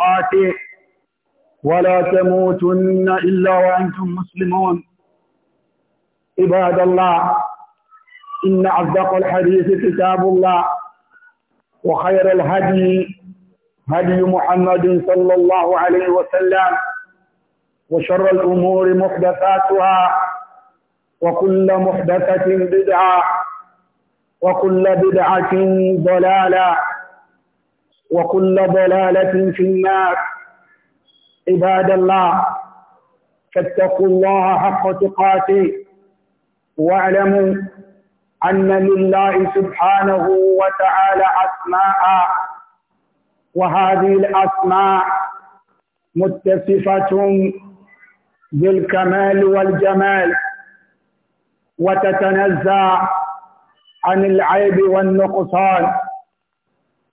أوقاته ولا تموتن إلا وأنتم مسلمون عباد الله إن أصدق الحديث كتاب الله وخير الهدي هدي محمد صلى الله عليه وسلم وشر الأمور محدثاتها وكل محدثة بدعة وكل بدعة ضلالة وكل ضلالة في النار عباد الله فاتقوا الله حق تقاته واعلموا أن لله سبحانه وتعالى أسماء وهذه الأسماء متصفة بالكمال والجمال وتتنزع عن العيب والنقصان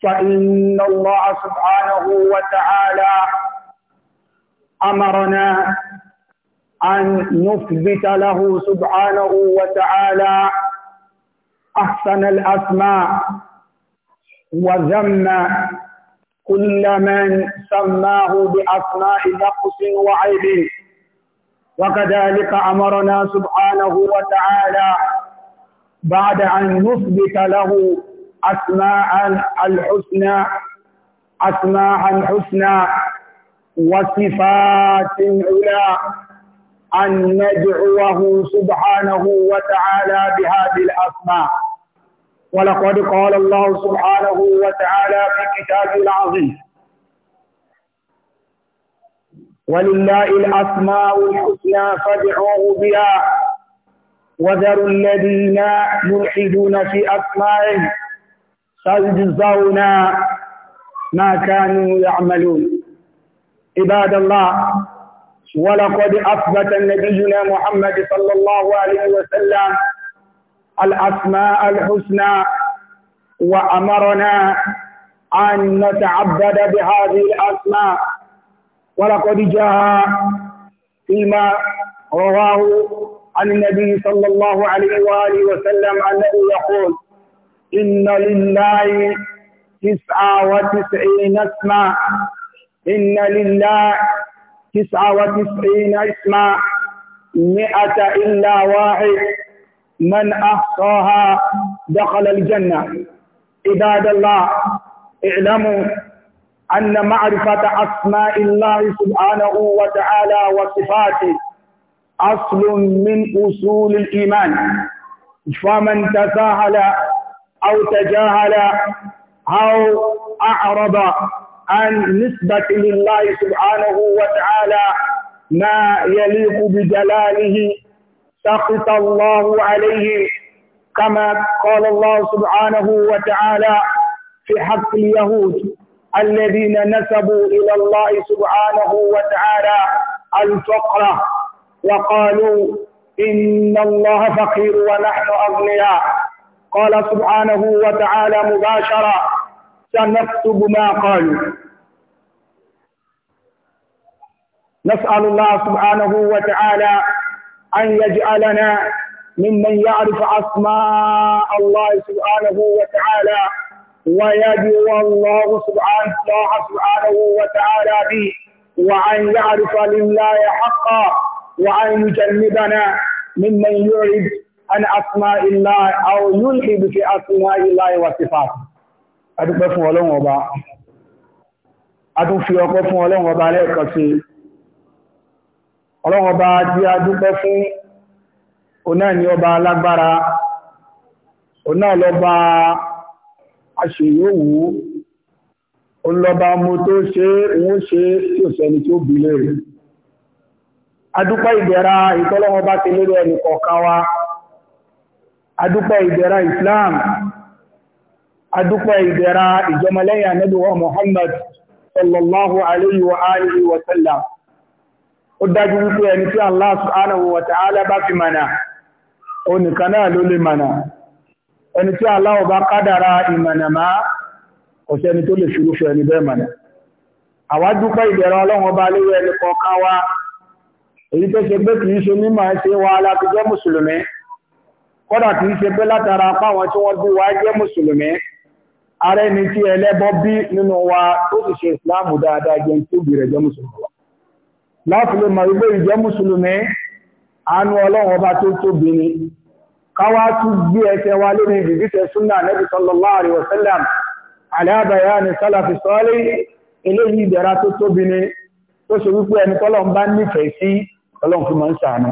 فإن الله سبحانه وتعالى أمرنا أن نثبت له سبحانه وتعالى أحسن الأسماء وذم كل من سماه بأسماء نقص وعيب وكذلك أمرنا سبحانه وتعالى بعد أن نثبت له أسماء الحسنى أسماء الحسنى وصفات علا أن ندعوه سبحانه وتعالى بهذه الأسماء ولقد قال الله سبحانه وتعالى في كتابه العظيم ولله الأسماء الحسنى فادعوه بها وذروا الذين يلحدون في أسمائه سيجزون ما كانوا يعملون عباد الله ولقد أثبت نبينا محمد صلى الله عليه وسلم الأسماء الحسنى وأمرنا أن نتعبد بهذه الأسماء ولقد جاء فيما رواه عن النبي صلى الله عليه وآله وسلم أنه يقول إن لله تسعة وتسعين اسما إن لله تسعة وتسعين اسما مئة إلا واحد من أحصاها دخل الجنة عباد الله اعلموا أن معرفة أسماء الله سبحانه وتعالى وصفاته أصل من أصول الإيمان فمن تساهل أو تجاهل أو أعرض عن نسبة لله سبحانه وتعالى ما يليق بجلاله سخط الله عليه كما قال الله سبحانه وتعالى في حق اليهود الذين نسبوا إلى الله سبحانه وتعالى الفقر وقالوا إن الله فقير ونحن أغنياء قال سبحانه وتعالى مباشرة سنكتب ما قالوا نسأل الله سبحانه وتعالى أن يجعلنا ممن يعرف أسماء الله سبحانه وتعالى ويدعو الله سبحانه سبحانه وتعالى به وأن يعرف لله حقا وأن يجنبنا ممن يعرف an asma illah aw yulhidu fi asma illah wa sifat adúpẹ́ fún Ọlọ́run ọba adún fi ọpẹ́ fún Ọlọ́run ọba lẹ́ẹ̀kan sí Ọlọ́run ọba tí adúpẹ́ fún ọ̀nà ni ọba alágbára ọ̀nà lọ́ba aṣèyówù ọlọ́ba mo tó ṣe òun ṣe tí ò sẹ́ni tí ó bi léèrè adúpẹ́ ìdẹ̀ra ìtọ́lọ́wọ́n bá ti lórí ẹnì kọ̀ọ̀kan wa adúpẹ́ ìdẹ̀ra islam adúpẹ́ ìdẹ̀ra ìjọmọlẹ́yìn ànábì wa muhammad sallallahu alayhi wa alihi wa sallam ó dájú wípé ẹni tí allah subhanahu wa ta'ala bá fi mana ó nìkan náà ló lè mana ẹni tí allah bá kádàrá ìmànà máa ọ̀sẹ́ni tó lè ṣúrúfẹ́ ẹni bẹ́ẹ̀ mana àwa dúpẹ́ ìdẹ̀ra ọlọ́run ọba lórí ẹni kọ̀ọ̀kan wa èyí tó ṣe pé kìí ṣe mímọ̀ ṣe wa alábíjọ́ mùsùlùmí kódà kì í ṣe pé látara páwọn tí wọ́n bí wa jẹ́ mùsùlùmí ààrẹ ni tí ẹlẹ́bọ bí nínú wa ó sì ṣe ìsìláàmù dáadáa jẹ́ tí ó bìrẹ̀ jẹ́ mùsùlùmí wa láti lè mọ̀ wípé ìjẹ́ mùsùlùmí àánú ọlọ́run ọba tó tóbi ni káwá tún gbé ẹsẹ̀ wa lórí ìdíjíṣẹ́ súnà nẹ́bí sallallahu alaihi wasallam ala bayani sálàfi sọ́ọ́lé eléyìí ìdẹ̀ra tó tóbi ni tó ṣe wípé ẹni tọ́lọ́ ń bá nífẹ̀ẹ́ sí ọlọ́run fi máa ń ṣàánú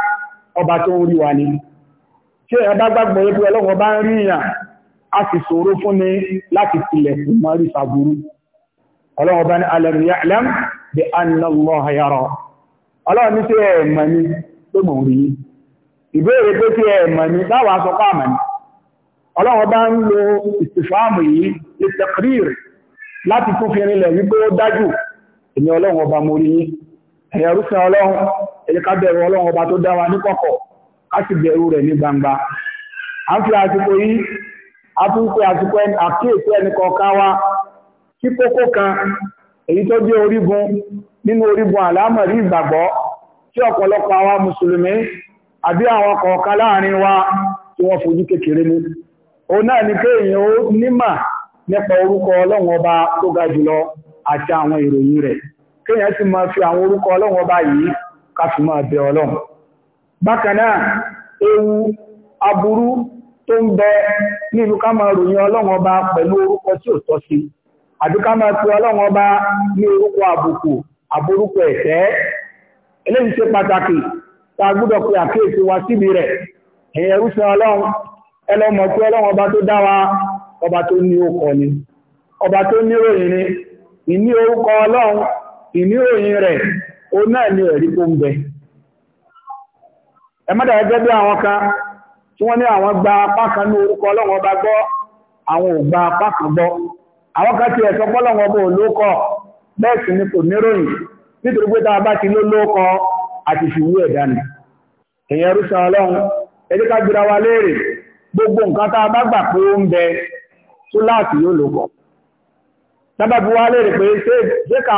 ọba tó ń rí wa ní ṣe ẹ̀bá gbàgbọ́ yẹ́ pé ọlọ́wọ́ bá ń rí ìyàn a sì ṣòro fún ni láti tilẹ̀ fún mọ́ rí sàbúrú ọlọ́wọ́ bá ní alam ya'lam bi anna Allaha yara ọlọ́wọ́ ní sí ẹ̀mọ̀ ni tó mọ̀ rí láti tún fi rinlẹ̀ wípé ó dájú èmi ọlọ́wọ́ ọba mo rí ẹ̀yà rúfin ọlọ́run ẹ̀jẹ̀ ká bẹ̀rù ọlọ́run ọba tó dá wa ní kọ̀kọ̀ ká sì bẹ̀rù rẹ̀ ní gbangba a ń fi àsìkò yìí a tún fi àsìkò àkíyèsí ẹnì kọ̀ọ̀kan wa kí kókó kan èyí tó jẹ́ orígun nínú orígun àlámọ̀rí ìgbàgbọ́ tí ọ̀pọ̀lọpọ̀ àwa mùsùlùmí àbí àwọn kọ̀ọ̀kan láàrin wa tí wọ́n fojú kékeré mú òun náà ni kéèyàn ó nímà nípa orúkọ ọlọ́run ọba tó ga jùlọ àti àwọn ìròyìn rẹ̀ kéèyàn sì máa fi àwọn orúkọ ọlọ́run ọba yìí káfímọ́ àbẹ̀ ọlọ́run Bákanáà ewu aburú tó ń bẹ nílùú ká máa ròyìn ọlọ́run ọba pẹ̀lú orúkọ tí ò tọ́ sí àbí ká ọlọ́run ọba ní orúkọ àbùkù àbórúkọ ẹ̀fẹ́ eléyìí ṣe pàtàkì àkíyèsí wa síbi rẹ̀ ẹ̀yẹ o náà ni ẹ̀rí tó ń bẹ ẹmọ́dà ẹgbẹ́ bí kan wọ́n ni gba apá kan ní orúkọ ọlọ́wọ́ bá gbọ́ àwọn gba kan kan ti ẹ̀sọ́ pọ́lọ́wọ́ bó lóókọ ni kò níròyìn nítorí a bá ti ló lóókọ àti gbogbo ta a bá gbà pé ó ń wa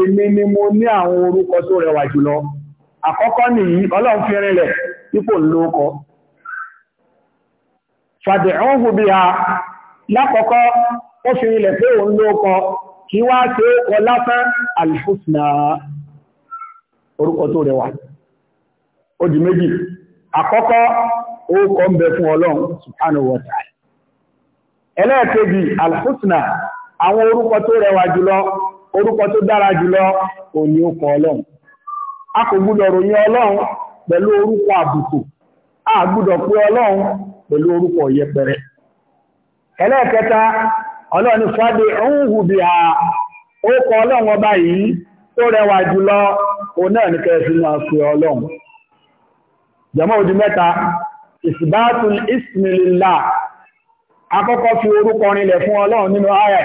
èmi ni mo ní àwọn orúkọ tó rẹwà jùlọ àkọ́kọ́ nìyí ọlọ́run fi rinlẹ̀ ipò lóókọ fàdẹ̀húnhù bí a lákọ̀ọ́kọ́ ó fi rinlẹ̀ pé òun lóókọ kí wá tí ó lásán alhusna orúkọ tó fún ọlọ́run ẹlẹ́ẹ̀kejì àwọn orúkọ tó rẹwà jùlọ orúkọ tó dára jùlọ òní okùn ọlọ́run a kò gbúdọ̀ ròyìn ọlọ́run pẹ̀lú orúkọ àbùkù a gbúdọ̀ pé ọlọ́run pẹ̀lú orúkọ yẹpẹrẹ ẹlẹ́ẹ̀kẹta ọlọ́run fàdé ọ̀húnhù bí a ọlọ́run ọba yìí tó rẹwà jùlọ òun náà ní kẹfì máa fi ọlọ́run jàmá òdì mẹ́ta ìsìbátul ismillah akọ́kọ́ fi orúkọ rinlẹ fún ọlọ́run nínú ayẹ̀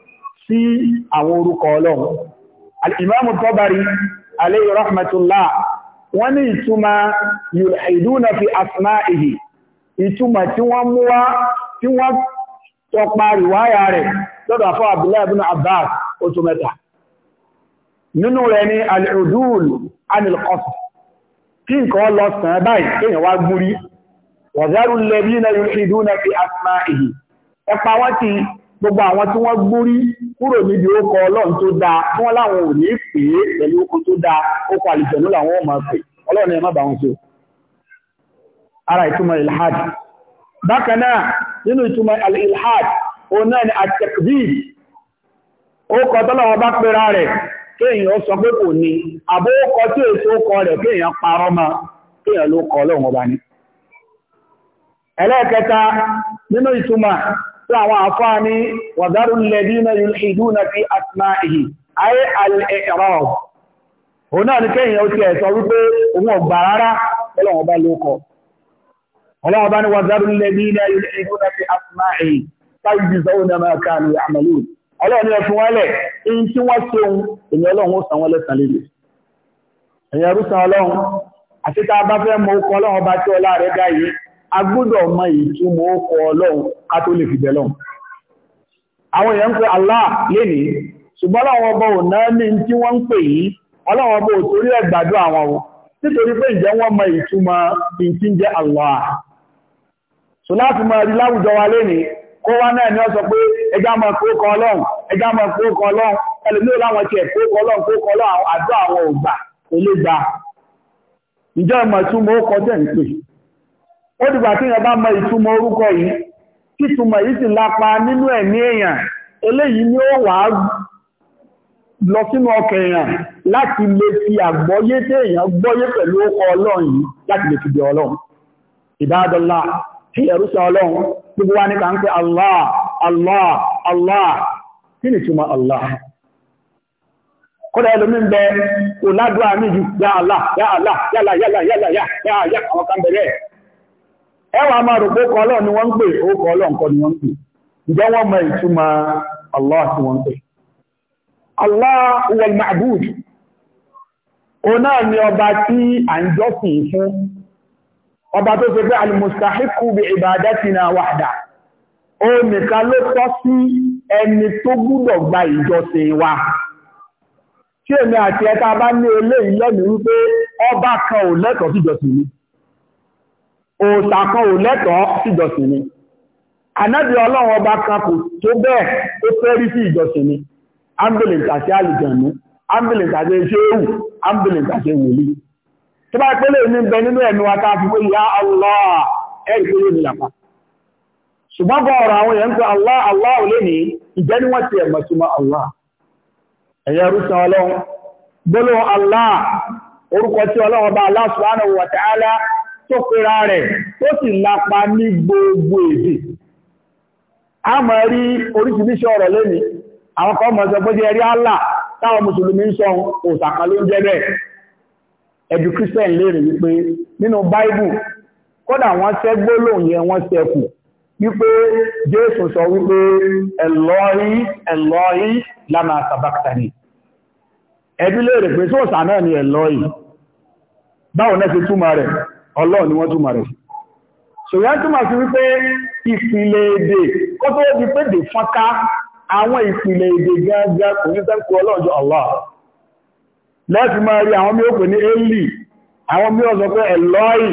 sí àwọn orúkọ ọlọ́run al'imamu tọ́bari alayhi rahmatullah wọ́n ní ìtumà yulhiduna fi asma'ihi ìtumà tí wọ́n mú wá tí wọ́n tọpa rìwáyà rẹ̀ lọ́dọ̀ àfọ́ abdullahi ibn abbas ó tó mẹ́ta nínú rẹ̀ ti gbogbo àwọn tí wọ́n gbórí kúrò níbi ókọ ọlọ́run tó dáa tí láwọn ò ní pè é pẹ̀lú ókọ tó dáa ókọ àlùjọ̀nú làwọn ò máa pè ọlọ́run ẹ̀ má ara ìtumọ̀ ilhad bákan náà nínú ìtumọ̀ ilhad òun náà ni tọ́lọ́wọ́ bá pera rẹ̀ kéèyàn sọ pé kò ní àbó tí èso rẹ̀ kéèyàn parọ́ mọ́ kéèyàn ló ọlọ́run ọba láwọn àfáà ní wàdárù lẹ́dínà yulhiduna fi asma'ihi ayé al'ẹ̀rọ̀ òun náà ní kẹ́yìn ó ti ẹ̀sọ wípé òun ọgbà rárá ọlọ́wọ́ bá lókọ ọlọ́wọ́ bá ní wàdárù lẹ́dínà yulhiduna fi asma'ihi sáyìí sọ́wọ́ ní ọmọ kanu agbọ́dọ̀ mọ ìtumọ̀ ọkọ̀ ọlọ́run ká lè fi bẹ̀lọ́n àwọn èèyàn ń pè Allah ṣùgbọ́n láwọn ọba náà ní tí wọ́n ń pè yìí torí ẹ̀gbàdo àwọn o nítorí pé ǹjẹ́ wọ́n mọ ìtumọ̀ ìtí jẹ́ Allah so láti mọ náà ni ọ sọ pé ẹjá mọ ọlọ́run ẹjá mọ ọlọ́run ó dìgbà tí èèyàn bá mọ ìtumọ̀ orúkọ yìí tí ìtumọ̀ yìí sì lápa nínú ẹ̀mí èèyàn eléyìí ni ó wà lọ sínú ọkàn èèyàn láti lè fi àgbọ́yé tí èèyàn gbọ́yé pẹ̀lú ọkọ̀ ọlọ́run yìí láti lè fi di ọlọ́run ìbádọ́lá tí ẹ̀rúsọ ọlọ́run gbogbo wa ní ń pè Allah Allah Allah kí ni ìtumọ̀ Allah ya ya ẹwà máa rò pé kọlọ̀ ni wọ́n ń pè ó kọlọ̀ nǹkan ni wọ́n ń pè ǹjẹ́ wọ́n mọ ìtumọ̀ Allah tí wọ́n ń pè Allah o náà ni ọba tí a ń jọ́sìn fún ọba tó ṣe pé al-mustahiqu ibadatina ó nìkan ló tọ́ sí ẹni tó gba ìjọsìn wa tí èmi àti bá ní eléyìí ọba kan ò lẹ́tọ̀ọ́ síjọsìn òòṣà kan ò lẹ́tọ̀ọ́ sí ìjọsìn ni ànábì ọlọ́run ọba kan kò tó bẹ́ẹ̀ ó fẹ́ rí sí ìjọsìn ni ambulance àti àlùjànnú ambulance àti ṣéwù ambulance àti wòlíì tó bá pẹ́lẹ̀ ní bẹ nínú ẹ̀mí wa káà fún ìyá Allah ẹ̀rì tó yóò nílàpá ṣùgbọ́n bọ́ ọ̀rọ̀ àwọn tó pera rẹ̀ tó sì lapa ní gbogbo èdè a mọ̀ rí oríṣiríṣi ọ̀rọ̀ lónìí àwọn kan mọ̀ sọ pé jẹ́ rí Allah táwọn mùsùlùmí ń sọ òsàkà ló ń jẹ́ bẹ́ẹ̀ ẹ̀dù Christian lérè wípé nínú Bible kódà wọ́n ṣẹ́ gbólóhùn yẹn wọ́n ṣẹ́ kù wípé Jésù sọ wípé ẹ̀lọ́rí ẹ̀lọ́rí lánà pé sóòsà náà ni ẹ̀lọ́rí ọlọ́run ni wọ́n túmọ̀ rẹ̀ sí ṣòyá túmọ̀ sí wípé ìpìlẹ̀ èdè kó tó di pé dè fọ́nká àwọn ìpìlẹ̀ èdè gángan kò ní sẹ́kù ọlọ́run jọ Allah lẹ́ẹ̀fì máa rí àwọn mí ó pè ní eli àwọn mí ó sọ pé ẹ̀lọ́ì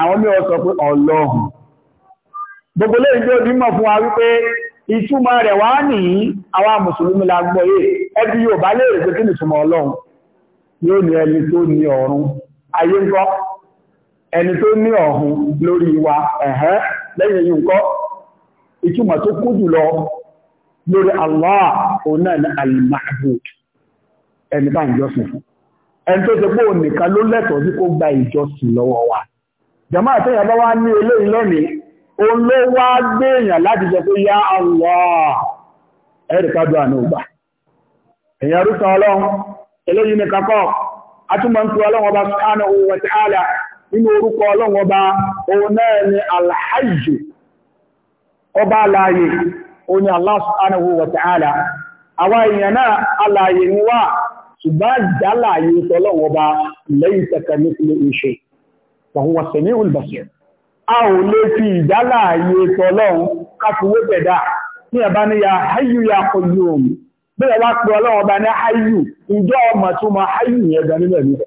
àwọn mí ó sọ pé ọlọ́run gbogbo lẹ́yìn tó ní mọ̀ fún wa wípé ìtumọ̀ rẹ̀ wá ní àwa mùsùlùmí la gbọ́ yé ẹbí yóò bá lè rè ẹni tó ní ọ̀hún lórí wa ẹ̀hẹ́ lẹ́yìn èyí nǹkan ìtumọ̀ tó kú jùlọ lórí Allah òun náà ní al-mahbud ẹni bá ń jọ́sìn fún ẹni tó ṣe pé òun nìkan ló lẹ́tọ̀ọ́ sí kó gba ìjọsìn lọ́wọ́ wa jàmá àtẹ̀yìn bá wá ní eléyìí lónìí òun ló wá gbé láti sọ pé yá Allah ẹ̀rì kájọ àná ògbà èèyàn rúsan ọlọ́run eléyìí ní kakọ́ atúmọ̀ ń tu ọlọ́run ọba subhanahu wa ta'ala nínú orúkọ ọlọ́run ọba òun náà ni alhaji ọba aláàyè òun ni Allah àwọn èèyàn náà aláàyè ni wá ṣùgbọ́n jálàyè tọ́lọ́run ọba lẹ́yìn tẹ̀kẹ́ ní ilé iṣẹ́ wàhùn olùbàṣẹ́ a fi ya ya bí ẹ ọba ní ìjọ ọmọ tó mọ nílẹ̀ nílẹ̀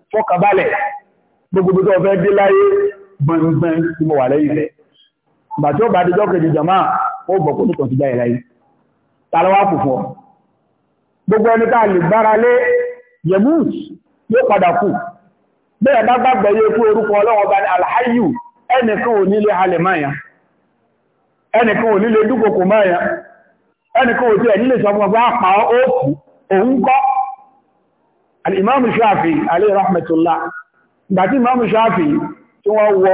fọ́kànbalẹ̀ gbogbo tó fẹ́ dé láyé gbọ̀ngbọ̀n tí mo wà lẹ́yìn rẹ̀ ìgbà tí ó bá dé jọ́kẹ̀jì jọmọ́ ó gbọ̀ kó nìkan ti dá ìráyé ta ló wá fòfò gbogbo ẹni tá a lè gbára lé yemus yóò padà kú bẹ́ẹ̀ bá gbàgbọ́ alhayu ẹnìkan ò nílé halẹ̀ máyà ẹnìkan ò nílé dúkokò máyà ẹnìkan ò tí ẹ̀ nílé sọ fún ọgbà àpá ó alìmáàmù ṣáàfì alayhi rahmatullah ìgbàtí ìmáàmù ṣáàfì tí wọ́n wọ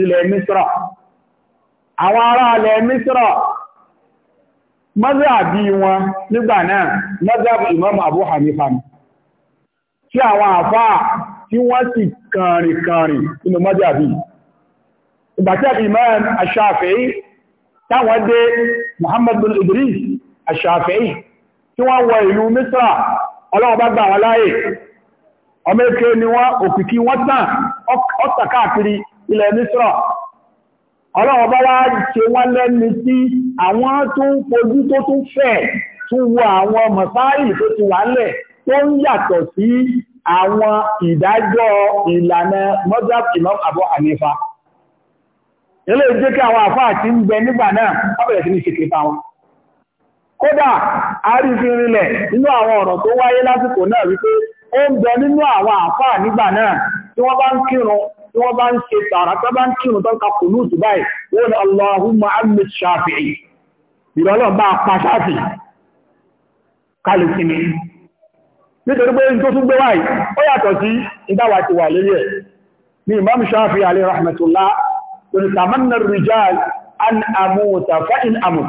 ilẹ̀ misra àwọn ará alẹ̀ misra mọ́zàbí wọn nígbà náà mọ́zàbí ìmáàmù abu hanifa tí àwọn àfáà tí wọ́n sì kànrìn kànrìn nínú mọ́zàbí ìgbàtí ìmáàmù ṣáàfì táwọn dé muhammad idris aṣàfẹ́yì tí wọ́n wọ ìlú misra ọlọ́wọ́ bá gbà wọn láàyè ọmọ èké ni wọ́n òkìkí wọ́n tàn ọ̀tà káàkiri ilẹ̀ Mísírà ọlọ́wọ́ bá wá ṣe wọ́n lẹ́ni tí àwọn tó ń fojú tó tún fẹ̀ tún wo àwọn mọ̀sáìlì tó ti wà lẹ̀ tó ń yàtọ̀ sí àwọn ìdájọ́ ìlànà mọ́jáb Imam Abu kódà àrífin rinlẹ̀ nínú àwọn ọ̀rọ̀ tó wáyé lásìkò náà wípé ó ń bẹ nínú àwọn àfáà nígbà náà tí wọ́n bá ń kírun tí wọ́n bá ń ṣe tààrà tó bá ń kírun tó ń ka kùnú dubai wọ́n ni Allahumma amid shafi'i ìrọ̀lọ́ bá pa ṣáàfì kálùkì ni nítorí pé tó tún gbé wáyé ó yàtọ̀ sí ìdáwà ti an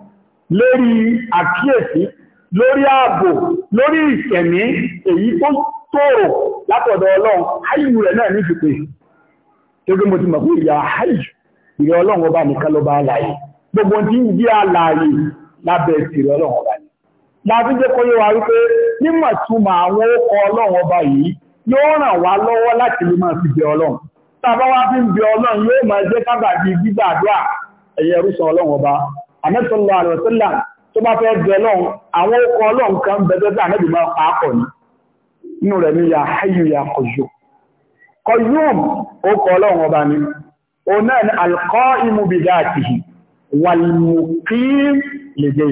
lórí àkíyèsí lórí ààbò lórí ìṣẹ̀mí èyí tó tòrò látọ̀dọ̀ ọlọ́run háyù rẹ̀ náà ní ìfipè tókè mo ti mọ̀ fún ìyá háyù ìrẹ́ ọlọ́run ọba nìkan ló bá láàyè gbogbo ń àlàyé lábẹ́ ọlọ́run ọba ni láti jẹ́ kó yé wa wípé nímọ̀ túmọ̀ àwọn ọkọ̀ ọlọ́run ọba yìí yóò ràn wá lọ́wọ́ láti lè máa fi bẹ ọlọ́run tàbá wá fi ń bẹ ọlọ́run yóò máa jẹ́ àmẹ́sọ̀lọ́ àlọ́sọ́là tó bá fẹ́ bẹ lọ́hùn àwọn ọkọ̀ ọlọ́run kan bẹ̀rẹ̀ bí àmẹ́bí máa pa á pọ̀ ní inú rẹ̀ ní ya hayyu ya qayyum qayyum ọkọ̀ ọlọ́run ọba ni òun náà ni alqaimu bi dhatihi wal muqim li tó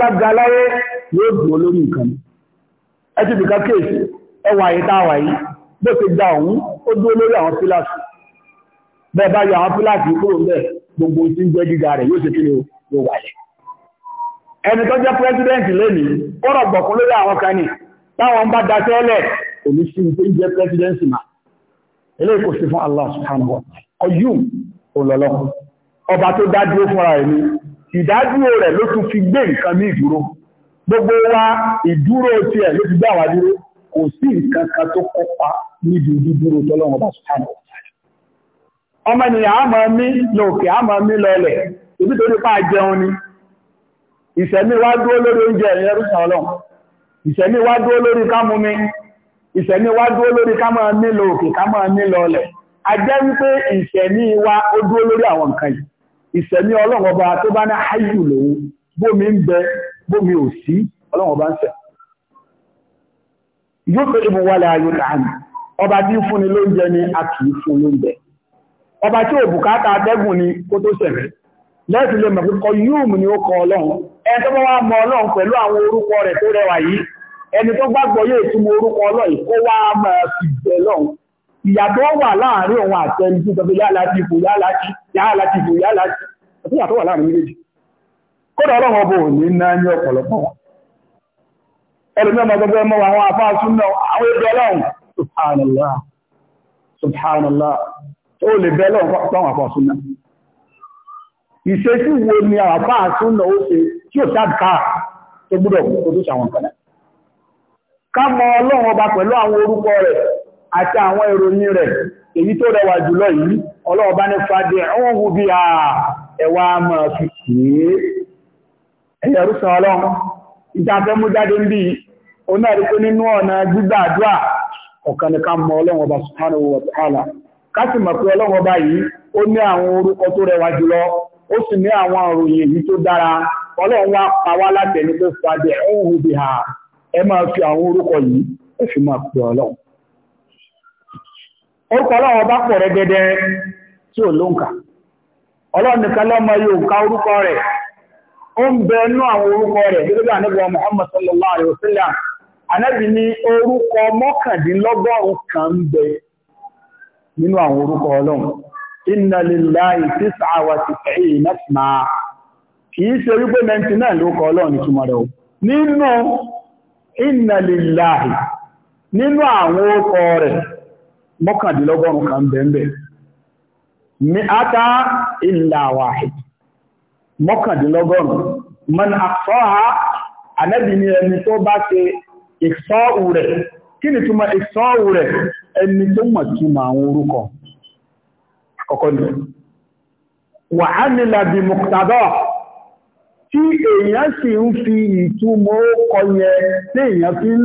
bá ga yóò dúró lórí nǹkan ẹtì bìkà kéèsì ẹwà yìí táwà yìí bó ti gba òun ó dúró lórí àwọn pílàsì bẹ́ẹ̀ bá yọ àwọn pílàsì kúrò ń bẹ̀ gbogbo tí ń jẹ́ gíga rẹ̀ yóò ṣe kí ni ó wàlẹ̀ ẹni tó jẹ́ pírẹ́sìdẹ́ǹtì lónìí kọ́rọ̀ gbọ̀kún lórí àwọn kan ní táwọn bá daṣẹ́ lẹ̀ òní sí tó jẹ́ pírẹ́sìdẹ́ǹtì mà eléyìí kò sí fún Allah subhanahu wa ọyún òlọ́lọ́ gbogbo wa ìdúró tí ẹ̀ ló fi gbá wa dúró kò sí nǹkan kan tó kópa níbi dídúró tọ́lọ́wọ́n ọmọ ènìyàn mi lòkè mi jẹun ni dúró lórí oúnjẹ ìrẹrùsàn ọlọ́run ìṣẹ̀mí wá dúró lórí kámú mi ìṣẹ̀mí dúró lórí kámú mi lòkè mi wípé wa ó dúró lórí bómi ò sí ọlọ́run ọba ń sẹ̀ yóò fẹ́ ìbò wà láàyò láàánì ọba tí ń fúnni lóúnjẹ ni a kì í fún lóúnjẹ ọba tí ò bùkátà atẹ́gùn ni kó tó sẹ̀rẹ̀ lẹ́sìn lè mọ̀ pé kọ yúùmù ni ó kọ ọlọ́run ẹni tó bá wá mọ ọlọ́run pẹ̀lú àwọn orúkọ rẹ̀ tó rẹwà yìí ẹni tó gbàgbọ́ yóò túmọ̀ orúkọ ọlọ́run kó wá mọ̀ sí ìjẹ́ lọ́run ìyà tó wà láàárín òun àtẹni tó sọ pé yálà ti fò yálà ti yálà ti fò yálà ti kódà ọlọ́run ọbọ̀ òní náà ní ọ̀pọ̀lọpọ̀ wọn ẹlùmí ọmọ gbogbo ẹmọ àwọn afáàsún náà àwọn ẹgbẹ́ ọlọ́run subhanallah subhanallah ó lè bẹ́ lọ́wọ́ fáwọn afáàsún náà ìṣe tí wo ni afáàsún náà ó ṣe tí ó sáàkà tó gbúdọ̀ kó tó ṣàwọn kan náà ká mọ èyí tó rẹwà jùlọ yìí ọlọ́run bá ní fadé ọ̀hún bí i ẹwà máa fi ṣe ẹ̀yẹ̀rúsàn ọlọ́run ìdáfẹ́ mú jáde ń bí pé nínú ọ̀nà gbígbàdúà ọ̀kan mọ ọlọ́run ọba subhanahu wa mọ̀ pé ọlọ́run ọba yìí ó ní àwọn orúkọ tó rẹwà jùlọ ó sì ní àwọn òròyìn èyí tó dára ọlọ́run wá pa wá ó ń bẹ inú àwọn orúkọ rẹ̀ gẹ́gẹ́ bí ànábìwọ̀n Muhammad sallallahu alayhi wa sallam ànábì ní orúkọ mọ́kàndínlọ́gọ́rùn kan ń bẹ nínú àwọn orúkọ ọlọ́run lillahi tis'a wa tis'ina isma kì í ṣe wípé mẹ́ntì n'inu ló kọ ọlọ́run ìtumọ̀ rẹ̀ nínú lillahi nínú àwọn orúkọ rẹ̀ mọ́kàndínlọ́gọ́rùn kan ń bẹ mi'ata mọ́kàndínlọ́gọ́rùn-ún man àfọ́ha anẹ́bì ni ẹni tó bá ṣe ìṣọ́ù rẹ̀ kí ni túnmọ̀ ìṣọ́ù rẹ̀ ẹni tó mọ̀ túnmọ̀ àwọn orúkọ ọkọ̀ ni wà á nílà bí mọ̀kàdọ́ tí èèyàn sì ń fi ìtumọ̀ ọkọ̀ yẹn tí èèyàn fi ń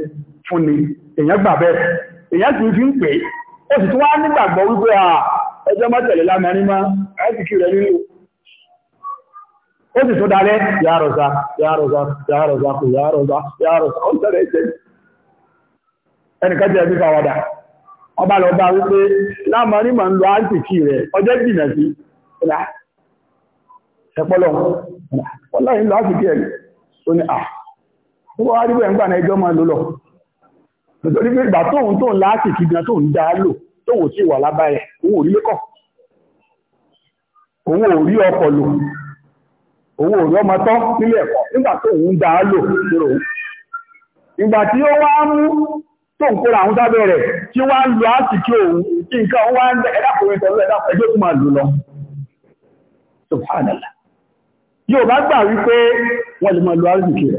lò fún ni gbà bẹ́ẹ̀ èèyàn sì fi ń pè ó sì tún wá nígbàgbọ́ wípé à ẹjọ́ mọ́tẹ̀lẹ̀ lámẹ́rin má ẹ́sìkì rẹ̀ nílò ó sì dalẹ́ nítorí pé ìgbà tóun tóun láti kígbà tóun dá lò tóun sì wà lábá òun ò rí òun ọkọ̀ lò òun ò ọmọ tọ́ nílé nígbà tóun dá lò ìgbà tí ó wá mú tóun kóra àwọn tí wá ń lo òun kí nǹkan wá ń tó máa wípé lè máa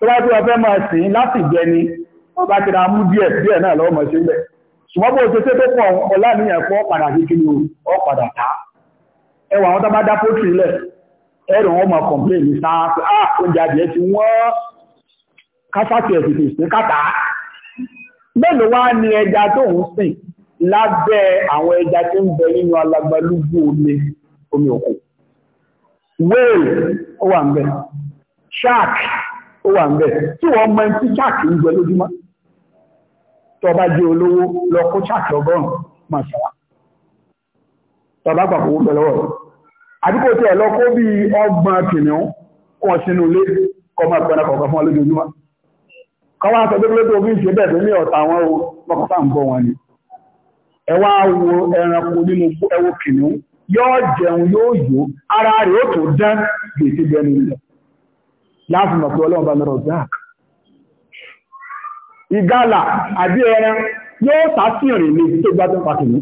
tó bá tí máa sìn láti jẹ ni wọ́n bá ti ra mú díẹ̀ díẹ̀ náà lọ́wọ́ mọ̀ sí ilẹ̀ ṣùgbọ́n bó ṣe tó pọ̀ ọ̀la kékeré o àwọn tó bá dá lẹ̀ máa kọ̀m̀pléè ní sáà pé ah, ní ẹja tó ń sìn ẹja tó ń bẹ nínú omi omi ó ó wà ń bẹ̀ tí wọ́n mọ tí ṣáàkì ń jẹ lójúmọ́ tó bá jẹ́ olówó lọ kó ṣáàkì ọgọ́rùn-ún máa ṣàwà tó bá pàpọ̀ owó pẹ̀lọ́wọ́ rẹ̀ àdúgbò tí ẹ̀ lọ kó bí ọgbọ̀n kìnìún kọ́ sínú ilé kọ́ máa pẹ̀lá kọ̀ọ̀kan fún ọlójoojúmọ́ kọ́ wá sọ pé pé tó fi ń ṣe bẹ́ẹ̀ tó ní ọ̀tá wọn o lọ́kọ̀ọ́ta ń bọ̀ wọn ni ẹ wá wo ẹranko nínú ẹwo kìnìún yóò jẹun yóò yó ara rẹ̀ ó tó dán gbèsè bẹnu ilẹ̀ láàfin mọ̀ pé ọlọ́run bá mẹ́rọ zak ìgálà àbí ẹran yóò sásìnrìn ní ibi tó gbádùn pàtàkì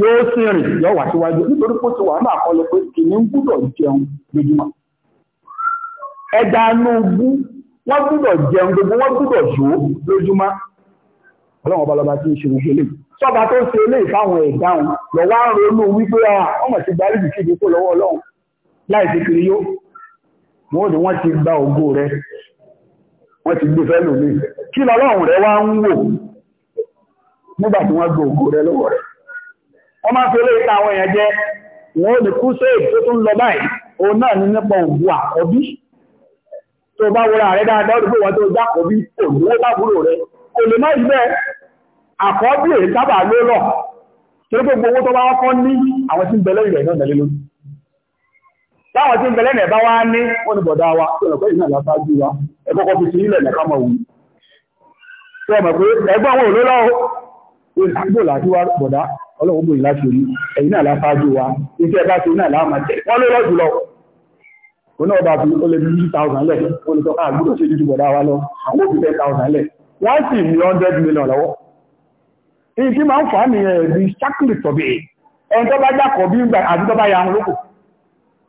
yóò sìnrìn yóò wà síwájú nítorí pé ti wà ní àkọlẹ̀ pé kìíní ń gbúdọ̀ jẹun lójúmọ́ ẹja anúgbú wọ́n gbúdọ̀ jẹun gbogbo wọ́n gbúdọ̀ yó lójúmọ́ ọlọ́run ọba lọba tí ń ṣe gbogbo eléyìí sọba tó ń ṣe eléyìí fáwọn ẹ̀dáhùn lọ́wọ́ ń ronú wípé ah, ọmọ ti gbárí jù síbi kó lọ́wọ́ ọlọ́run láì fi kiri yóò wọ́n ni wọ́n ti gba ògo rẹ̀ wọ́n ti gbé fẹ́lò ní kí lọ́lọ́run rẹ̀ wá ń wò nígbà tí wọ́n gba ògo rẹ̀ lọ́wọ́ rẹ̀ wọ́n máa fẹ́lẹ̀ ìta àwọn èèyàn jẹ́ wọ́n ni kú sí èdè tó tún lọ báyìí òun náà ní nípa ògo àkọ́bí tó bá wọra rẹ̀ dáadáa ó dìbò wọn tó jákọ̀ọ́bí òdúwó bábúrò rẹ̀ kò lè má yí bẹ́ẹ̀ àkọ́bí èyí sábà ló lọ torí gbogbo owó tó bá wọ́n kọ́ ní àwọn tí ń táwọn tí ń bẹ̀lẹ́ nẹ̀ bá wá ní wọ́n ní bọ̀dá wa tí ọ̀pẹ́ ìrìnà lásájú wa ẹ̀kọ́kọ́ fi sí ilẹ̀ nẹ̀ká mọ̀ wù tí ọmọ pé ẹgbọ́n wọn ò ló lọ́wọ́ ìgbò láti wá bọ̀dá ọlọ́wọ́ bòyí láti orí ẹ̀yìn náà lásájú wa iṣẹ́ bá ti náà láàmà tẹ̀ wọ́n ló lọ́jù lọ oná ọba fi ó lé ní two thousand lẹ̀ ó lè sọ ká àgbúrò ṣe jújú bọ̀dá wa lọ àwọn òbí ten thousand lẹ̀ wọ́n sì ní hundred million lọ́wọ́ èyí tí máa ń fà á nìyẹn bí ṣákìlì tọ̀bì ẹni tó bá jákọ̀ bí àti tó bá ya ń lókùn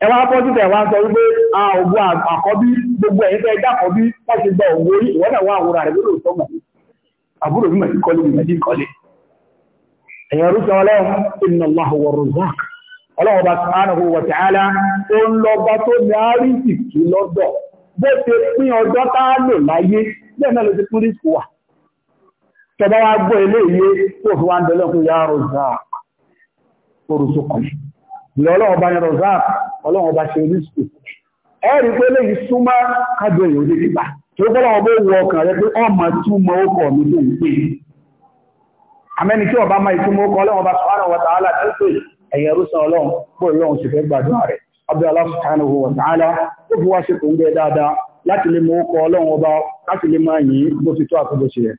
ẹwà pọ́jútẹ̀ wá ń sọ wípé àwògbò àkọ́bí gbogbo ẹ̀yìn fẹ́ dákọ̀bí wọ́n ti gba òwò orí ìwọ́n náà wá àwòrán rẹ̀ lórí ìtọ́mọ̀ àbúrò mímọ̀ sí kọ́lé mímọ̀ sí kọ́lé ẹ̀yìn ọ̀rúsọ ọlọ́run inna ọlọ́run bá ní àríṣì ọlọ́run ọba ṣe rísìkò ẹ̀rí pé léyìí súnmọ́ kájọ èèyàn lè ọba wọ ọkàn rẹ pé ọmọ túmọ̀ ọkọ̀ mi tó ń pè é tí ọba máa ọlọ́run ọba sọ̀rọ̀ wọ̀ tààlà tó pè ẹ̀yẹ ọlọ́run ọlọ́run sì fẹ́ rẹ̀ ọbẹ̀ ọba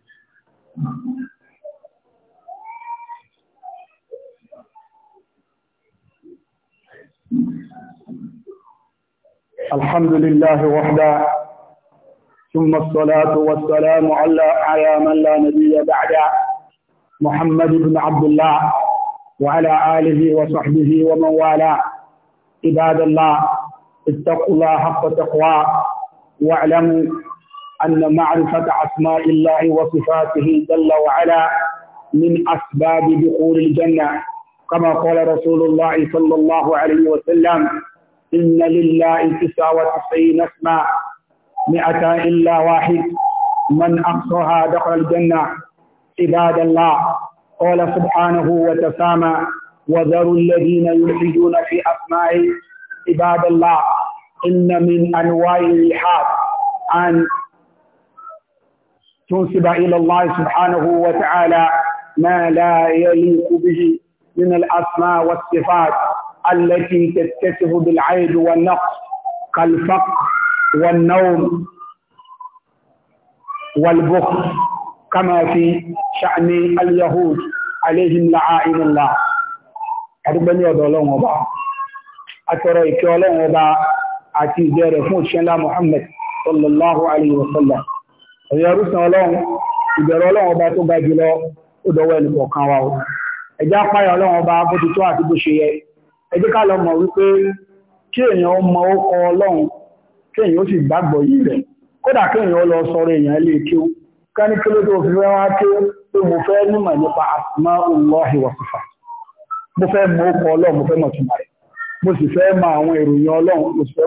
الحمد لله وحده ثم الصلاة والسلام على على من لا نبي بعده محمد بن عبد الله وعلى آله وصحبه ومن والاه عباد الله اتقوا الله حق تقواه واعلموا أن معرفة أسماء الله وصفاته جل وعلا من أسباب دخول الجنة كما قال رسول الله صلى الله عليه وسلم إن لله تسعة وتسعين اسما مئة إلا واحد من أقصها دخل الجنة عباد الله قال سبحانه وتسامى وذروا الذين يلحدون في أسماء عباد الله إن من أنواع الإلحاد أن تنسب إلى الله سبحانه وتعالى ما لا يليق به من الأسماء والصفات التي تتسف بالعيب والنقص كالفقر والنوم والبخل كما في شأن اليهود عليهم لعائن الله أدوبẹ́ ní ọ̀dọ̀ ọlọ́run ọba àtọ̀rọ̀ ìkẹ́ ọlọ́run ọba àti ìjẹ́rẹ̀ fún òṣìṣẹ́lá Muhammad sallallahu alayhi wa sallam ọ̀yọ̀ ọrùsàn ọlọ́run ìbẹ̀rẹ̀ ọlọ́run ọba tó ga jùlọ ó dọwọ́ ẹnìkọ̀ọ̀kan wa ẹjá páyà ọlọ́run ọba bó ti tó àti bó ṣe yẹ ẹ jẹ́ ká lọ mọ̀ wípé kí èèyàn mọ ọkọ̀ ọlọ́run kí èèyàn ó sì gbàgbọ́ yìí rẹ̀ kódà kí èèyàn lọ sọ̀rọ̀ èèyàn lè kí tó fi wá ké pé mo fẹ́ nípa mo fẹ́ mọ ọkọ̀ ọlọ́run mo fẹ́ mọ̀ àwọn ìròyìn ọlọ́run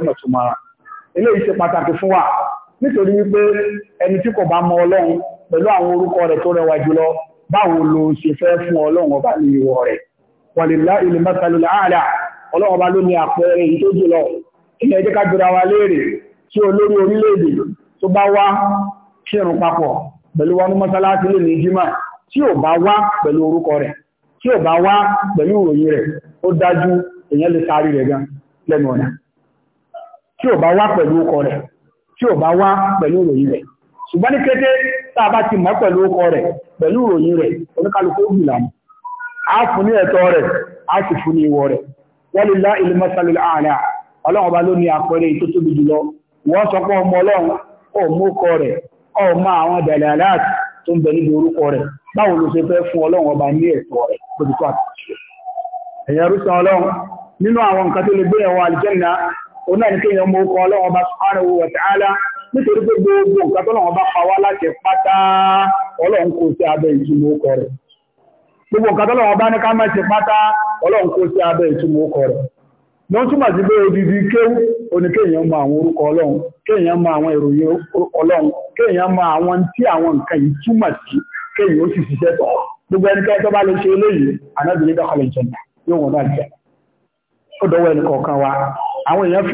mo sì fẹ́ ṣe pàtàkì fún wa nítorí wàlìlá ìlú mẹ́tàlélà àlà ọlọ́run bá ló ní àpẹẹrẹ èyí tó jùlọ ilẹ̀ wa léèrè tí olórí orílẹ̀-èdè tó bá wá kírun papọ̀ pẹ̀lú wọn mọ́sálásí lè ní tí ò bá wá pẹ̀lú orúkọ rẹ̀ tí ò bá wá pẹ̀lú ìròyìn rẹ̀ ó dájú èèyàn lè sáré rẹ̀ gan lẹ́nu ọ̀nà tí ṣùgbọ́n ní kété tá a bá ti mọ̀ pẹ̀lú orúkọ rẹ̀ a fún ní ẹ̀tọ́ rẹ̀ a sì fún ní ìwọ rẹ̀ walillahi a masalul a'la ọlọ́run ọba ló ní àpẹẹrẹ tó tóbi jùlọ wọ́n sọ pé ọmọ ọlọ́run ọmọ kọ rẹ̀ ọmọ àwọn tó ń níbi orúkọ rẹ̀ fún ọlọ́run ọba ní ẹ̀tọ́ rẹ̀ gbogbo nǹkan ọba bá ní ká mẹ́sì pátá ọlọ́run kó sí abẹ́ ìtumọ̀ orúkọ rẹ̀ ló ń túmọ̀ sí pé odidi kéwú oní kéèyàn mọ àwọn orúkọ ọlọ́run kéèyàn mọ àwọn ìròyìn ọlọ́run kéèyàn mọ àwọn tí àwọn nǹkan yìí túmọ̀ sí kéèyàn ó sì ṣiṣẹ́ tọ̀ gbogbo bá lè ṣe eléyìí dọ́kọ̀lẹ̀ ìjọba yóò wọ́n ó kọ̀ọ̀kan wa àwọn èèyàn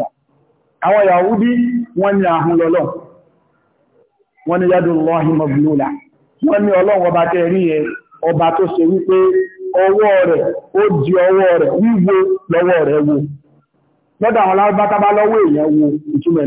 fi àwọn Yahudi wọ́n ni ahun lọ́lọ́ wọ́n ní yadullahi maglula wọ́n ní ọlọ́run ọba tẹ́ rí ọba tó ṣe wípé ọwọ́ rẹ̀ ó di ọwọ́ rẹ̀ wíwo lọ́wọ́ rẹ̀ wo lọ́dọ̀ àwọn lábátábá lọ́wọ́ èèyàn wo ìtumọ̀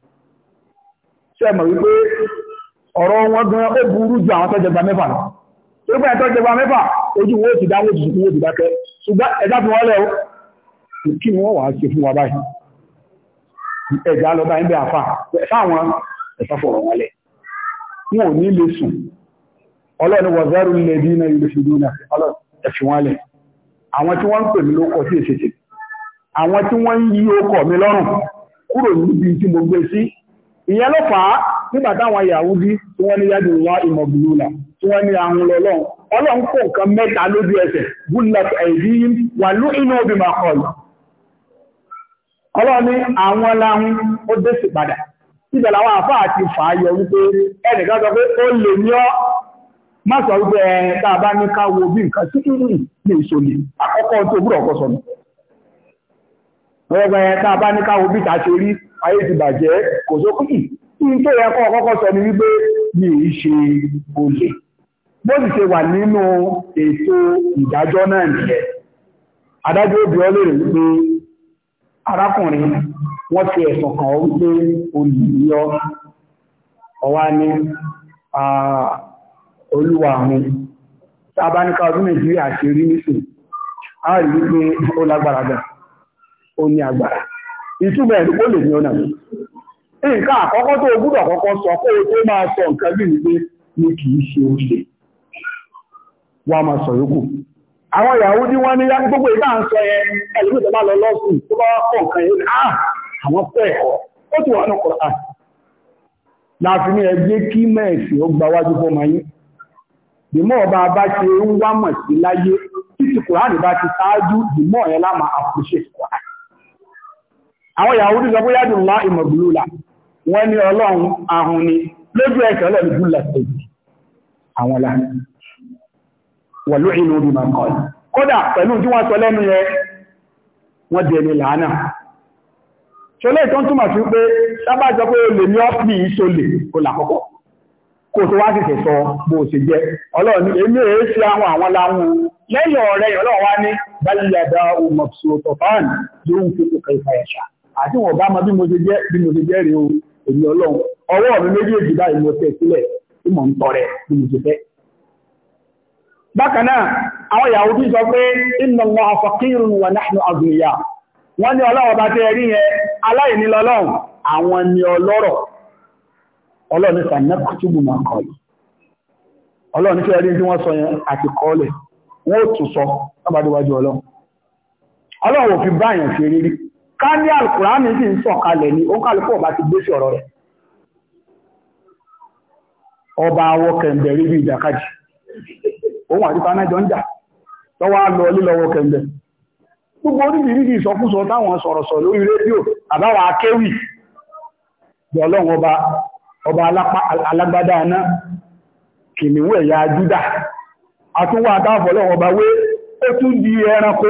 sẹ́mọ̀ wípé ọ̀rọ̀ wọn gan ó burú ju àwọn tọ́jọba mẹ́fà lọ tó gbà tọ́jọba mẹ́fà ojú wo ti dáwọ́ tuntun kúwó ti dákẹ́ ṣùgbọ́n ẹ̀dá fi wọ́n lẹ̀ o kí ni wọ́n wà á ṣe fún wa báyìí ẹ̀dá lọ báyìí bẹ́ẹ̀ àfà sáwọn ẹ̀fà fọ̀rọ̀ wọn lẹ̀ wọn ò ní lè sùn ọlọ́ni wọ̀zẹ́rù ilẹ̀ bí iná ilẹ̀ ṣùgbọ́n náà ọlọ́ni ẹ̀fì wọn lẹ̀ àwọn tí wọ́n ń pè mí lókọ sí èsèsè àwọn tí wọ́n ń yí ìyẹn ló fà á nígbà táwọn Yahudi tí wọ́n ní yàdù wá ìmọ̀gbìlúlà tí wọ́n ní àwọn ọlọ́run ọlọ́run kò nǹkan mẹ́ta lójú ẹsẹ̀ gúnlẹ̀ ẹ̀dí wà ló inú obì máa kọ lù ọlọ́run ní àwọn ọlọ́run ó dé sí padà síbẹ̀ làwọn àfá àti fà á yọ wípé ẹnìkan sọ pé ó lè ní ọ́ má sọ wípé ẹ̀ tá a bá ní ká wo bí nǹkan sí kí ní ìṣòlè àkọ́kọ́ tó gbúdọ̀ kọ́ sọnù wọ́n gbẹ̀yẹn tá a bá ní káwọn bíta ṣe rí ayé ti bàjẹ́ kò sókùnkì kí n tó yẹ kọ́ kọ́kọ́ sọ ni wípé mi ì ṣe olè bó sì ṣe wà nínú ètò ìdájọ́ náà nìyẹn adájọ́ òbí ọ wípé arákùnrin wọ́n ti ẹ̀sùn kàn wípé olùyọ ọwá ní olúwa àwọn tá a bá ní káwọn ọdún nàìjíríà ṣe rí nísìn á rí wípé ó lágbára gan ó ní agbára ìtumọ̀ ẹ̀rí kó lè ní ọ̀nà mi nǹkan àkọ́kọ́ tó o gbúdọ̀ kọ́kọ́ sọ kó o tó máa sọ nǹkan bí wípé ní kì í ṣe oṣù wa máa sọ yòókù àwọn ìyàwó ní wọ́n ní yá gbogbo ìgbà ń sọ yẹn ẹ̀lú ìjọba lọ lọ́sùn tó bá kọ̀ nǹkan yẹn ah àwọn pẹ́ ẹ̀kọ́ ó ti wà nùkọ̀ ah láti ní ẹgbẹ́ kí mẹ́ẹ̀sì ó gba wájú fún ọmọ yín dìmọ́ ọba bá ṣe ń wá mọ̀ sí láyé títí kùránì bá ti ṣáájú dìmọ́ ẹ̀ láma àpòṣe kùránì àwọn Yahudi sọ bóyá dùn lá ìmọ̀gbùlúlà wọ́n ní ọlọ́run ahun ni lójú ẹ̀kẹ́ ọlọ́run gúlà stage àwọn lá wọ̀lú inú bí ma kódà pẹ̀lú tí wọ́n sọ lẹ́nu yẹ wọ́n ṣọlẹ́ sí pé sábà sọ pé olè ní ọ́pì ìṣòlè kò làkọ́kọ́ kò tó wá sì sọ bó ṣe jẹ́ ọlọ́run èmi èé ṣe àwọn àwọn láwọn lẹ́yìn ọ̀rẹ́ ọlọ́run wá ní yóò ń fi kò kẹ́ ìfàyàṣà àti wọn bá mọ bí mo ṣe jẹ́ bí mo ṣe jẹ́ rèé o èmi ọlọ́run ọwọ́ mi méjèèjì báyìí mo tẹ̀ sílẹ̀ tí mò ń tọrẹ bí mo ṣe fẹ́. bákan náà àwọn ìyàwó bí sọ pé inna Allaha faqirun wa nahnu aghniya wọ́n ní ọlọ́run bá tẹ́ rí yẹn aláìní lọ́lọ́run àwọn ni ọlọ́rọ̀ ọlọ́run sànẹ́bà túbù máa kọ̀ yìí ọlọ́run fẹ́ rí tí wọ́n sọ yẹn àti kọ́ọ̀lẹ̀ wọ́n ò tún sọ lábàdíwájú ọlọ́run ọlọ́run ò báyàn ṣe rírí ká ní alukùránì sì ń sọ̀kalẹ̀ ni ó ọba ti gbé ọ̀rọ̀ rẹ̀ ọba awọ kẹ̀ǹbẹ̀ rí bí ìjàkadì òun àti fanájọ ń jà lọ lílọ́wọ́ gbogbo oríṣiríṣi ìsọkúsọ táwọn sọ̀rọ̀sọ̀ lórí rédíò àbáwà akéwì jọlọ́run ọba alágbádá kìnìún ẹ̀yà júdà ọba wé ó tún di ẹranko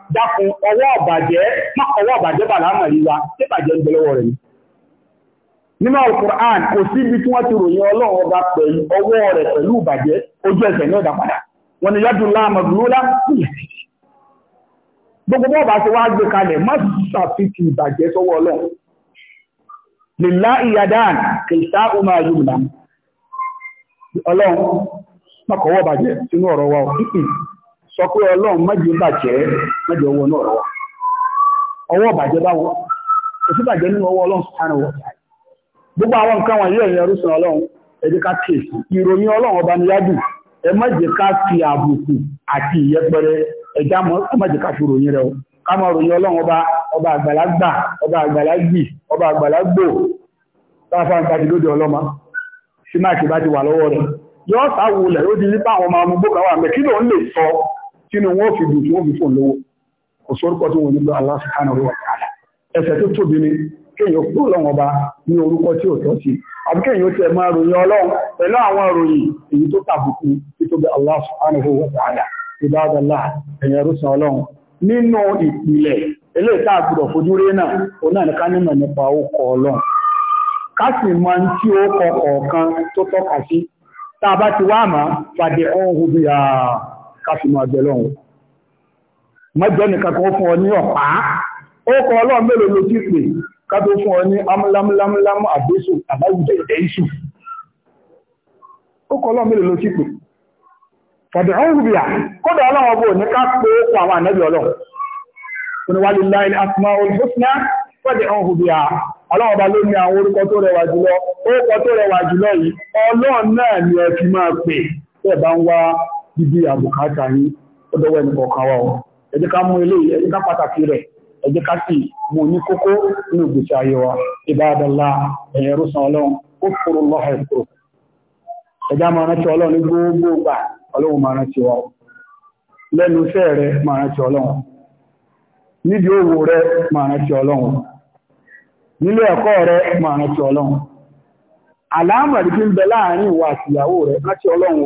dákun ọwọ́ ọ̀bàjẹ́ má ọwọ́ ọ̀bàjẹ́ bà láàmà rí wa tí bàjẹ́ ń bẹ lọ́wọ́ rẹ̀ ni. nínú alukur'an kò sí ibi tí wọ́n ti ròyìn ọlọ́run ọba pẹ̀lú ọwọ́ rẹ̀ pẹ̀lú ìbàjẹ́ ojú ẹsẹ̀ ní ọ̀dà padà wọn ni yadu láàmàdúrólá gbogbo bọ́ọ̀ bá ti wá gbé kalẹ̀ má ṣàfihàn ìbàjẹ́ sọ́wọ́ ọlọ́run lèlá ìyàdán kìlìtà ọmọ ayélujára ọlọ́run mọ́kọ̀wọ́ bàjẹ́ sínú ọ̀rọ̀ wa ò sọ pé ọlọ́run mẹ́jọ bàjẹ́ mẹ́jọ owó náà rọwọ́ ọwọ́ bàjẹ́ báwọ́ òsì bàjẹ́ nínú ọwọ́ ọlọ́run sáré wọ̀ gbogbo àwọn nǹkan wọ̀nyí ọlọ́run ká ìròyìn ọlọ́run ọba ẹ mẹ́jẹ ká fi àbùkù àti ìyẹpẹrẹ mẹ́jẹ ká fi ròyìn rẹ o ká ròyìn ọlọ́run ọba ọba àgbàlagbà ọba àgbàlagbì ọba àgbàlagbò kí ni wọ́n fi dùn tí wọ́n fi fún lówó kò sórúkọ tí wọ́n nílò Allah subhanahu wa ta'ala ẹ̀ṣẹ̀ tó tóbi ni kéèyàn kúrò lọ́wọ́ bá ní orúkọ tí ò tọ́ sí àbí kéèyàn tẹ̀ máa ròyìn ọlọ́run pẹ̀lú àwọn ròyìn èyí tó tàbùkù títóbi Allah subhanahu wa ta'ala ibadallah ẹ̀yẹn rúsan ọlọ́run nínú ìpìlẹ̀ eléyìí tá a gbọ́dọ̀ fojú rí náà òun náà ní ká nímọ̀ nípa orúkọ ọlọ́run ká sì mọ tí ó kọ kọ̀ọ̀kan tó tọ́ka sí tá a bá ti wá àmọ́ fàdé ọ̀hún bíi káfí máa jẹ lọ́hùn mọ́jọ́ nìkan kan fún ọ ní ọ̀pá ó kọ ọlọ́run mélòó ló ti pè ká tó fún ọ ní amúlámúlámúlámú àbésù àbáwùjẹ ẹ̀yíṣù ó kọ ọlọ́run mélòó ló ti pè fọ̀dọ̀ ọ̀hún bìyà kódà ọlọ́run bò ní ká pé ó kọ àwọn ànábì ọlọ́run oníwálé láìlé asmaul husna fọ́dẹ̀ ló ní àwọn orúkọ tó rẹwà jùlọ orúkọ tó rẹwà jùlọ yìí ọlọ́run náà ni ẹ fi máa pè tẹ́ bá ń wá bíbí àbùkátà yín ọdọ́wọ́ ẹni kọ̀ọ̀kan ọ ẹ ká mú ilé ẹ jẹ́ ká pàtàkì rẹ̀ ẹ ká sì mú ní kókó ìgbésí ayé wa ìbáadọ́lá ẹ̀yẹ rúsan ọlọ́run ó máa rántí ọlọ́run ní gbogbo gbà ọlọ́run máa rántí wa lẹ́nu iṣẹ́ rẹ máa rántí ọlọ́run nídìí òwò rẹ máa rántí ọlọ́run nílé ẹ̀kọ́ rẹ máa rántí ọlọ́run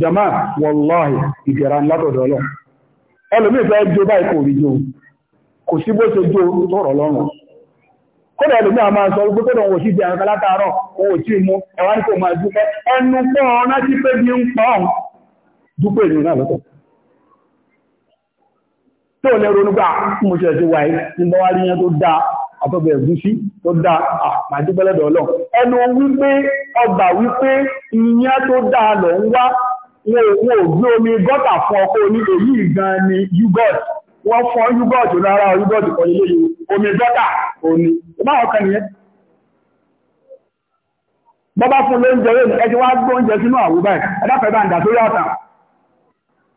jama wọláhì ìjẹ̀ra látọ̀dọ̀ ọlọ́ ẹlòmí ìfẹ́ jó báyìí kò rí jó kò sí bó ṣe jó tọ̀rọ̀ lọ́rùn kódà ẹlòmí a máa sọ wípé kódà wọ́n sí di àwọn kalátàárọ̀ owó tí mú ẹwà ní kò máa dúpẹ́ ẹnu pọ́ láti pé bí ń pọ́ dúpẹ́ ìlú náà lọ́tọ̀ tó lè ah, dáa àtọ́bẹ̀ ẹ̀gúsí tó dá ah, ọlọ́ ẹnu wípé ọgbà wípé ìyẹn tó dáa lọ ń wá wọn ò gbé omi gọ́tà fún ọkọ̀ ní èyí gan ni yúgọ̀t wọ́n fún yúgọ̀t rárá yúgọ̀t kan ilé yìí omi gọ́tà òní báwọn kan nìyẹn bọ́bá fún lóúnjẹ rẹ̀ ẹjọ́ wá gbọ́ oúnjẹ sínú bá ń dà sórí ọ̀tàn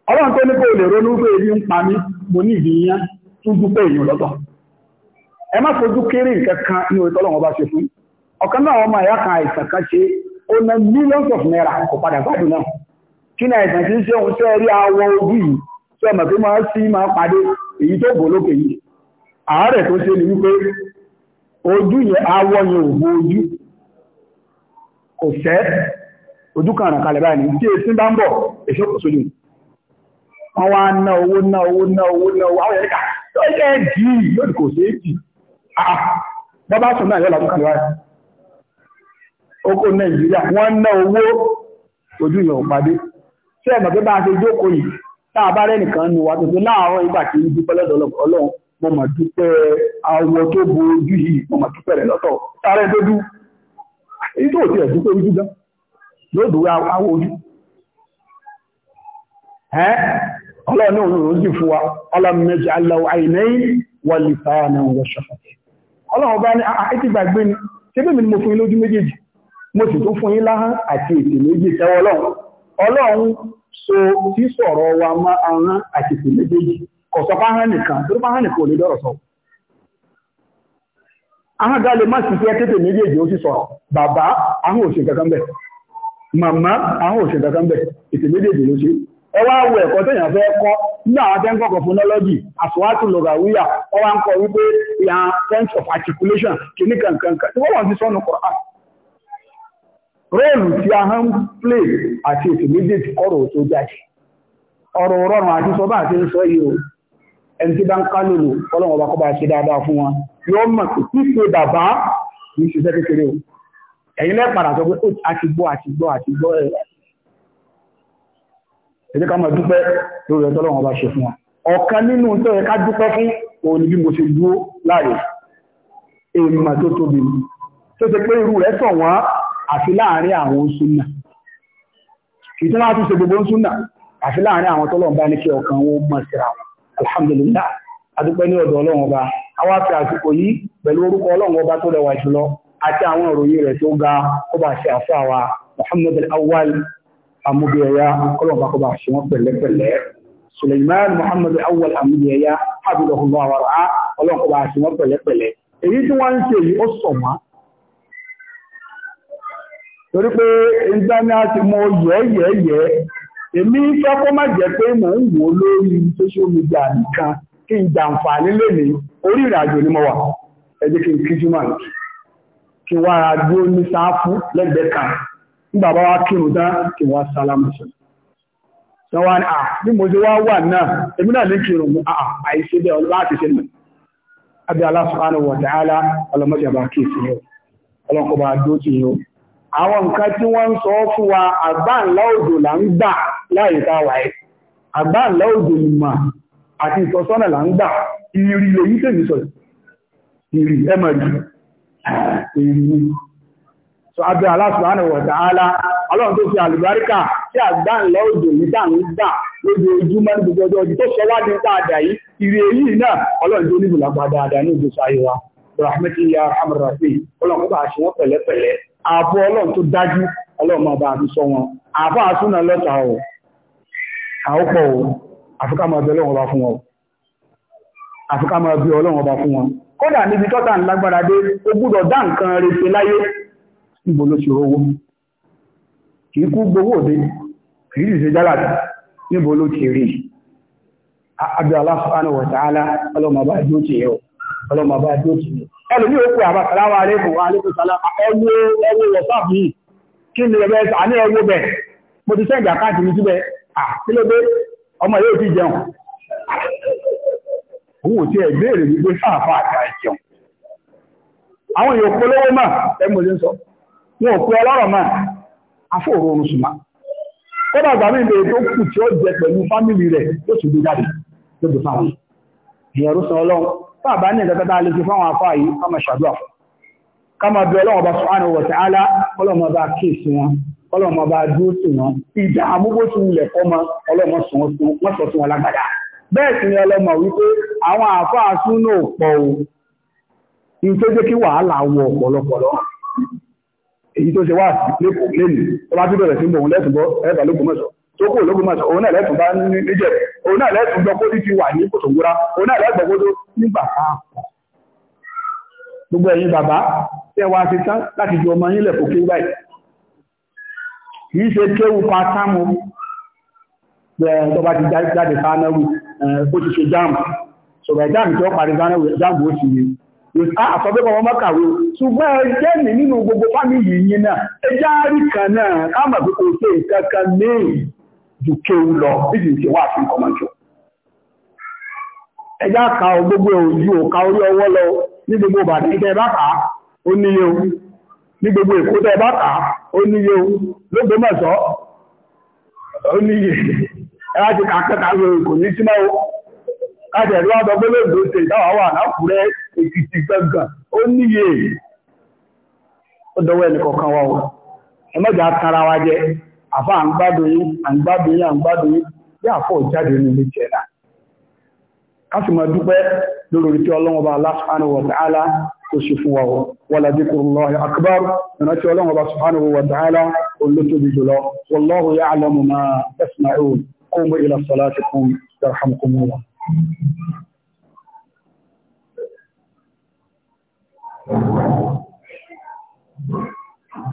ọlọ́run tó ní ebi ń pa mí mo ní ìdí yẹn tún èèyàn lọ́tọ̀ ẹ má fojú kéré nǹkan kan ní tọ́lọ́wọ́n bá of naira kò padà kí ni àìsàn tí ń ṣe òun sẹ́ẹ̀rí awọ ojú yìí tí ọmọ tó máa sí máa pàdé èyí tó bò lókè yìí àárẹ̀ tó ṣe ni wípé ojú yẹn awọ yẹn ò bo ojú kò sẹ́ ojú kan ràn kalẹ̀ báyìí tí èsì bá ń bọ̀ èso kò sójú wọn wá ná owó ná owó ná owó ná owó àwọn ẹ̀ka tó yẹ dì í lónìí kò sí èjì bọ́bá sùn náà yọ làwọn kan lọ́wọ́ oko Nàìjíríà wọ́n ná owó ojú yẹn ò padé tẹ́ ẹ̀mọ̀ pé bá a ṣe jókòó yìí tá a bá rẹ̀ nìkan nu wa tuntun láàárọ̀ ìgbà tí ń dúpẹ́ lọ́dọ̀ ọlọ́run mo mọ̀ dúpẹ́ awọ tó bo ojú yìí mo mọ̀ dúpẹ́ rẹ̀ lọ́tọ̀ sáré tó dú èyí tó tiẹ̀ dúpẹ́ ojú gan yóò dúró awọ ojú ẹ́ ọlọ́run ní òun ròjì fún wa ọlọ́run méjì aláwọ̀ àìnáyí wọlé sáà náà wọ́n ṣọ̀fọ̀tì ọlọ́run bá ní àìtí gbàgbé ni ṣébí mi ni mo fún yín lójú méjèèjì mo sì tún fún yín láhán àti ètè méjì tẹ́wọ́ ọlọ́run ọlọ́run so tí sọ̀rọ̀ wa máa ahán àti méjèèjì kò sọ fáhán nìkan tó fáhán nìkan ò lè dọ̀rọ̀ sọ. ahán ga lè má sì fi méjèèjì ó sì sọ̀rọ̀ bàbá ahán ò kankan bẹ̀ màmá ahán ò kankan bẹ̀ ètè méjèèjì ló ṣe. ẹ wá wo ẹ̀kọ́ tẹ̀yàn fẹ́ kọ́ nínú àwọn tẹ́ ń kọ́kọ́ àsùwátù wọ́n wá ń róòlù tí a hàn plé àti ètò méjèèjì kọ́rọ̀ tó jáde ọ̀rọ̀ rọrùn àti sọ bá àti ń sọ yìí o ẹni tí bá ń ká lòlò ọlọ́wọ́ bá kọ́ bá ṣe dáadáa fún wọn yóò mọ̀ pé pípe bàbá kì í ṣiṣẹ́ kékeré o ẹ̀yin lẹ́pàdà sọ pé ó ti gbọ́ àti gbọ́ àti gbọ́ ẹ̀ ẹ jẹ́ ká máa dúpẹ́ lórí ẹ̀ tọ́lọ́wọ́ bá ṣe fún wa ọ̀kan nínú tó yẹ ká dúpẹ́ fún òun ni bí mo ṣe dúró láàrin èèmà tó tóbi tó ṣe pé irú rẹ̀ sọ̀ wọ́n àfi láàrin àwọn súnà ìtí wọ́n tún ṣe gbogbo súnà àfi láàrin àwọn tọ́lọ̀ bá ní kí ọkàn wọn mọ̀ síra wọn alhamdulillah adúpẹ́ ní ọ̀dọ̀ ọlọ́run ọba àwa fi àsìkò yìí pẹ̀lú orúkọ ọlọ́run ọba tó rẹwà jùlọ àti àwọn ìròyìn rẹ̀ tó ga kó bá ṣe àfẹ́ àwa muhammed awal amúbíẹ̀yà ọlọ́run bá kó bá ṣe wọ́n pẹ̀lẹ́pẹ̀lẹ́ suleiman muhammed awal amúbíẹ̀yà hábìlọ́hùn ọlọ́run kó ṣe wọ́n pẹ̀lẹ́pẹ̀lẹ́ èyí tí wọ́n ń ṣe yìí ó sọ̀mọ́ torí pé ìgbà ni a ti mọ yẹ èmi fẹ́ kó má jẹ́ pé mò ń wò lórí social media nìkan kí n jàǹfààní lónìí orí ìrìnàjò ni mo wà ẹ jẹ́ kí n kí jùmọ̀ kí n wá ara dúró ní sáfù lẹ́gbẹ̀ẹ́ kan kí n wá sálámù sí i wá ní à bí mo ṣe wá wà náà èmi ní àwọn nǹkan tí wọ́n sọ fún wa àgbáǹlá òjò là ń gbà láìta wà ẹ́ àgbáǹlá òjò ìmọ̀ àti ìtọ́sọ́nà là ń gbà ìrì lèyí tèmi ìrì so abẹ́ Allah subhanahu wa ọlọ́run tó fi àlùbáríkà tí àgbáǹlá òjò yìí dà ń gbà ààbò ọlọ́run tó dájú ọlọ́run máa bá àmì sọ wọn ààbò àsúnà lọ́ta ọ̀ àópọ̀ ọ̀ àfikà máa bẹ ọlọ́run ọba fún wọn àfikà máa bẹ ọlọ́run ọba fún wọn kódà níbi tọ́ta ń lágbára dé ó gbúdọ̀ dá nǹkan rèé láyé níbo ló ti rí ọlọ́mọ bá dé òtù ní ẹlùmí òkú àbákaláwà alẹ́kùn alẹ́kùnsálá ẹwọ́ ẹwọ́ wọ̀sáàp yìí kí ni ẹgbẹ́ àní ẹwọ́ bẹ̀ mo ti sẹ́ǹdì àkáàtì mi síbẹ̀ àkílódé ọmọ yóò ti jẹun òun ò tí ẹ̀ béèrè wípé sáàfà àti àìjẹun àwọn èèyàn polówó mà ẹmọ lè sọ wọn ò pe ọlọ́rọ̀ mà afóòrò oorun sùnmà kódà gbàmí ìbèrè tó kù tí ó jẹ pẹ̀lú fámìlì rẹ̀ yóò tún gbé jáde lójú fáwọn yìí èèyàn rúsùn ọlọ́run tàbá ní ìdẹ́kẹta lè fi fáwọn afá yìí ká máa ṣàdúrà fún ká máa bí ọlọ́run ọba subhanahu wa ta'ala ọlọ́run ọba kíìsì wọn ọlọ́run ọba dúró sí wọn ìdá àmúgbó tún ilẹ̀ kọ́ mọ ọlọ́run sọ sí wọn lágbàdá bẹ́ẹ̀ sì ni ọlọ́mọ wípé àwọn àfá súnú pọ̀ o ní tó jẹ́ kí wàhálà wọ ọ̀pọ̀lọpọ̀lọ èyí tó ṣe wà lẹ́kọ̀ọ́ lẹ́nu tó bá bẹ̀rẹ̀ sí mọ̀ lẹ́sùn bọ́ ẹ̀ẹ́dà lókùn mẹ́sàn tó kò lógun mọ́sán òun náà lẹ́tùn bá níjẹ̀ òun náà lẹ́tùn gbọ́ kó ní ti wà ní kòtògbóra òun náà lẹ́gbọ́ kó tó nígbà pàápọ̀ gbogbo ẹ̀yin bàbá tẹ́ wá sí tán láti ju ọmọ yín lẹ̀kọ́ kéwú báyìí kì í ṣe kéwú pa sáàmù tó bá ti jáde sáàmù eh, ó ti ṣe jáàmù sọ̀rọ̀ jáàmù tí ó parí jáàmù ó sì yé àfọ́bẹ́ bọ́ mọ́ kàwé ṣùgbọ́n ẹjẹ́ mi nínú gbogbo fámìlì yìí náà ẹjá rí kan náà ká mọ̀ pé kò ṣe ìkankan mìíràn ju kéwú lọ níbi ìṣe wà fún ẹjá ka ọgbogbo gbogbo òjú òka orí ọwọ́ lọ ní gbogbo ìbàdàn ìtẹ́ bá kà ó níye ní gbogbo èkó tẹ́ ló ní símọ́ gangan ó níye ó dọwọ́ o tara wa jẹ́ àfá à ń gbádùn yín à ń gbádùn yín à ń gbádùn yín bí àfọ́ jáde nínú ilé jẹ́ náà ká sì máa dúpẹ́ lórí tí ọlọ́run ọba Allah subhanahu wa ta'ala tó ṣe fún wa wala dhikrullahi akbar ìrántí ọlọ́run ọba subhanahu wa ta'ala olótóbi jùlọ wallahu ya'lamu ma tasma'un qumu ila salatikum yarhamkumullah Thank you.